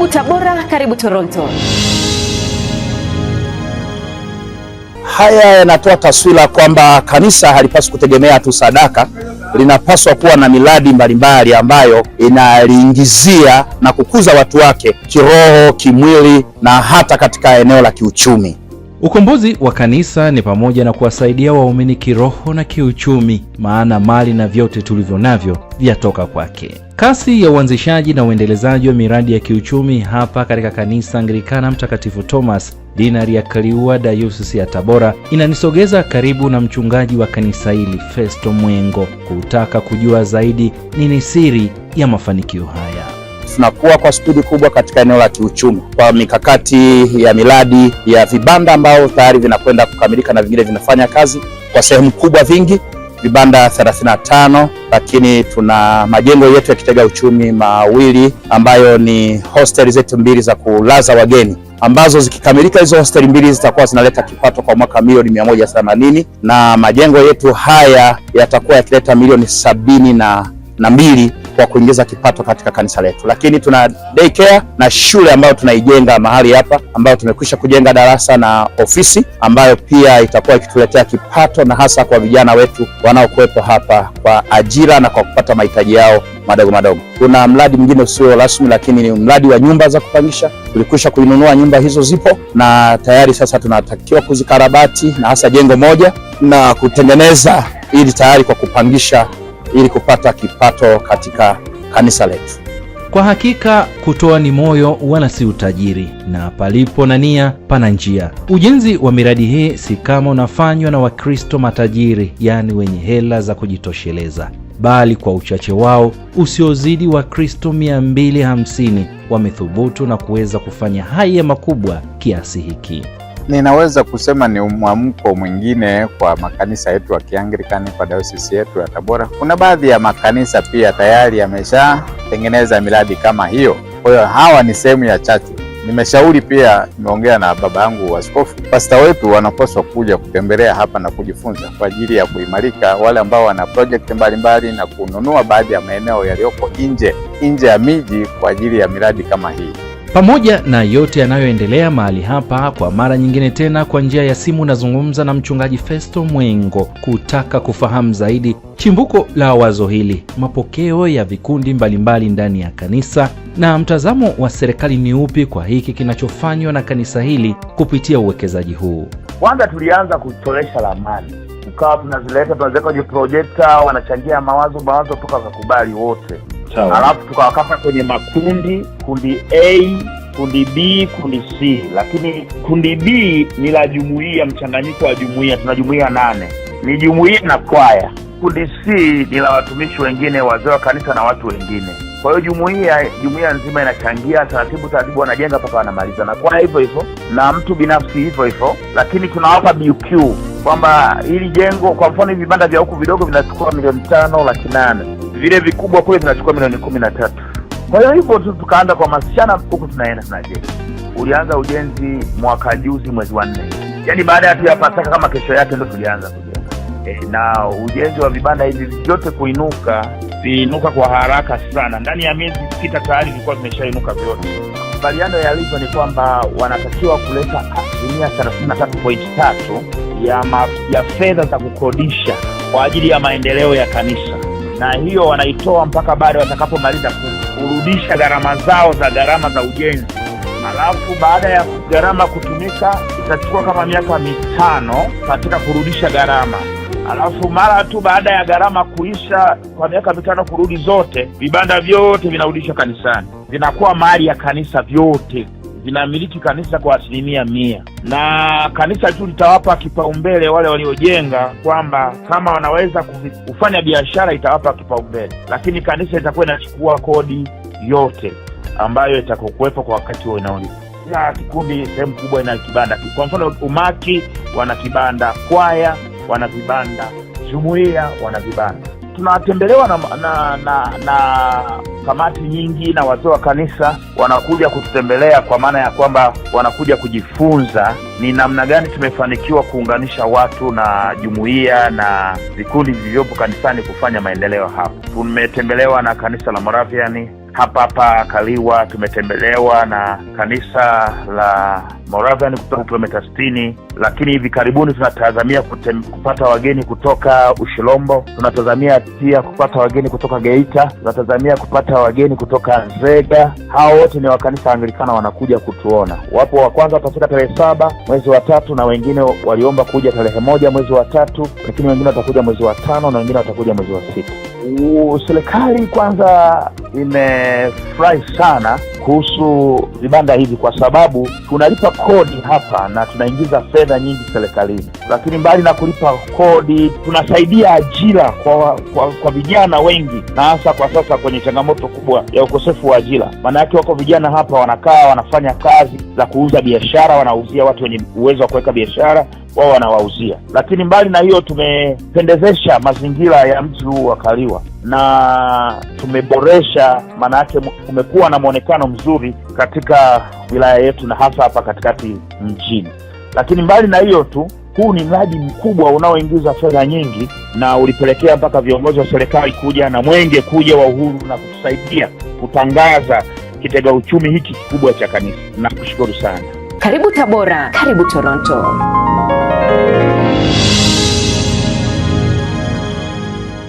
Karibu Tabora, karibu Toronto. Haya yanatoa taswira kwamba kanisa halipaswi kutegemea tu sadaka, linapaswa kuwa na miradi mbalimbali ambayo inaliingizia na kukuza watu wake kiroho, kimwili na hata katika eneo la kiuchumi. Ukombozi wa kanisa ni pamoja na kuwasaidia waumini kiroho na kiuchumi, maana mali na vyote tulivyo navyo vyatoka kwake. Kasi ya uanzishaji na uendelezaji wa miradi ya kiuchumi hapa katika kanisa Anglikana Mtakatifu Thomas dinari ya Kaliua, dayosisi ya Tabora, inanisogeza karibu na mchungaji wa kanisa hili Festo Mwengo, kutaka kujua zaidi nini siri ya mafanikio haya tunakuwa kwa spidi kubwa katika eneo la kiuchumi kwa mikakati ya miradi ya vibanda ambao tayari vinakwenda kukamilika na vingine vinafanya kazi kwa sehemu kubwa, vingi vibanda 35 lakini tuna majengo yetu ya kitega uchumi mawili ambayo ni hosteli zetu mbili za kulaza wageni ambazo zikikamilika hizo hosteli mbili zitakuwa zinaleta kipato kwa mwaka milioni mia na majengo yetu haya yatakuwa yakileta milioni sabini na, na mbili kwa kuingiza kipato katika kanisa letu, lakini tuna daycare na shule ambayo tunaijenga mahali hapa, ambayo tumekwisha kujenga darasa na ofisi ambayo pia itakuwa ikituletea kipato na hasa kwa vijana wetu wanaokuwepo hapa kwa ajira na kwa kupata mahitaji yao madogo madogo. Kuna mradi mwingine usio rasmi, lakini ni mradi wa nyumba za kupangisha. Tulikwisha kuinunua nyumba hizo, zipo na tayari sasa tunatakiwa kuzikarabati na hasa jengo moja na kutengeneza ili tayari kwa kupangisha ili kupata kipato katika kanisa letu. Kwa hakika kutoa ni moyo wala si utajiri, na palipo na nia pana njia. Ujenzi wa miradi hii si kama unafanywa na Wakristo matajiri, yaani wenye hela za kujitosheleza, bali kwa uchache wao usiozidi Wakristo 250 wamethubutu na kuweza kufanya haya makubwa kiasi hiki. Ninaweza kusema ni mwamko mwingine kwa makanisa yetu ya Kianglikani kwa dayosisi yetu ya Tabora. Kuna baadhi ya makanisa pia tayari yameshatengeneza miradi kama hiyo, kwa hiyo hawa ni sehemu ya chachu. Nimeshauri pia, nimeongea na baba yangu askofu, pasta wetu wanapaswa kuja kutembelea hapa na kujifunza kwa ajili ya kuimarika, wale ambao wana project mbalimbali na kununua baadhi ya maeneo yaliyoko nje nje ya miji kwa ajili ya miradi kama hii. Pamoja na yote yanayoendelea mahali hapa, kwa mara nyingine tena kwa njia ya simu nazungumza na mchungaji Festo Mwengo kutaka kufahamu zaidi chimbuko la wazo hili, mapokeo ya vikundi mbalimbali ndani ya kanisa na mtazamo wa serikali ni upi kwa hiki kinachofanywa na kanisa hili kupitia uwekezaji huu. Kwanza tulianza kutoresha ramani, tukawa tunazileta, tunaziweka kwenye projekta, wanachangia mawazo mawazo, toka tukakubali wote alafu tukawakata kwenye makundi, kundi A, kundi B, kundi C. Lakini kundi B ni la jumuia mchanganyiko wa jumuia tuna jumuia nane, ni jumuia na kwaya. Kundi C ni la watumishi wengine, wazee wa kanisa na watu wengine. Kwa hiyo jumuia jumuia nzima inachangia taratibu taratibu, wanajenga mpaka wanamaliza, na kwaya hivyo hivyo, na mtu binafsi hivyo hivyo, lakini tunawapa BQ kwamba hili jengo, kwa mfano hivi vibanda vya huku vidogo vinachukua milioni tano laki nane vile vikubwa kule vinachukua milioni kumi na tatu. Kwa hiyo hivyo tu kwa kuhamasishana huku, tunaenda tunajenga. Ulianza ujenzi mwaka juzi mwezi wa nne, yaani baada ya tu ya Pasaka kama kesho yake ndo tulianza kujenga e, na ujenzi wa vibanda hivi vyote kuinuka viinuka kwa haraka sana, ndani ya miezi sita tayari vilikuwa vimeshainuka vyote. baliano yalivyo ni kwamba wanatakiwa kuleta asilimia tatu ya, ya fedha za kukodisha kwa ajili ya maendeleo ya kanisa na hiyo wanaitoa mpaka baada watakapomaliza kurudisha gharama zao za gharama za ujenzi. Halafu baada ya gharama kutumika itachukua kama miaka mitano katika kurudisha gharama. Halafu mara tu baada ya gharama kuisha kwa miaka mitano kurudi zote, vibanda vyote vinarudishwa kanisani, vinakuwa mali ya kanisa vyote zinamiliki kanisa kwa asilimia mia, na kanisa tu litawapa kipaumbele wale waliojenga, kwamba kama wanaweza kufanya biashara itawapa kipaumbele, lakini kanisa itakuwa inachukua kodi yote ambayo itakokuwepo kwa wakati huo inaolia kila kikundi sehemu kubwa ina kibanda. Kwa mfano, umaki wana kibanda, kwaya wana vibanda, jumuia wana vibanda. Tunatembelewa na, na, na, na kamati nyingi na wazee wa kanisa wanakuja kututembelea, kwa maana ya kwamba wanakuja kujifunza ni namna gani tumefanikiwa kuunganisha watu na jumuiya na vikundi vilivyopo kanisani kufanya maendeleo. Hapo tumetembelewa na kanisa la Moraviani hapa hapa Kaliwa tumetembelewa na kanisa la Moravian kutoka kilomita 60, lakini hivi karibuni tunatazamia kutem, kupata wageni kutoka Ushilombo, tunatazamia pia kupata wageni kutoka Geita, tunatazamia kupata wageni kutoka Nzega. Hao wote ni wakanisa Anglikana wanakuja kutuona. Wapo wa kwanza watafika tarehe saba mwezi wa tatu na wengine waliomba kuja tarehe moja mwezi wa tatu, lakini wengine watakuja mwezi wa tano na wengine watakuja mwezi wa sita serikali kwanza imefurahi sana kuhusu vibanda hivi, kwa sababu tunalipa kodi hapa na tunaingiza fedha nyingi serikalini, lakini mbali na kulipa kodi tunasaidia ajira kwa kwa, kwa vijana wengi, na hasa kwa sasa kwenye changamoto kubwa ya ukosefu wa ajira. Maana yake wako vijana hapa wanakaa wanafanya kazi za kuuza biashara, wanauzia watu wenye uwezo wa kuweka biashara wao wanawauzia. Lakini mbali na hiyo, tumependezesha mazingira ya mji huu wa Kaliwa na tumeboresha, maana yake kumekuwa na mwonekano mzuri katika wilaya yetu na hasa hapa katikati mjini. Lakini mbali na hiyo tu, huu ni mradi mkubwa unaoingiza fedha nyingi na ulipelekea mpaka viongozi wa serikali kuja na mwenge kuja wa Uhuru na kutusaidia kutangaza kitega uchumi hiki kikubwa cha kanisa. Nakushukuru sana. Karibu Tabora, karibu Toronto.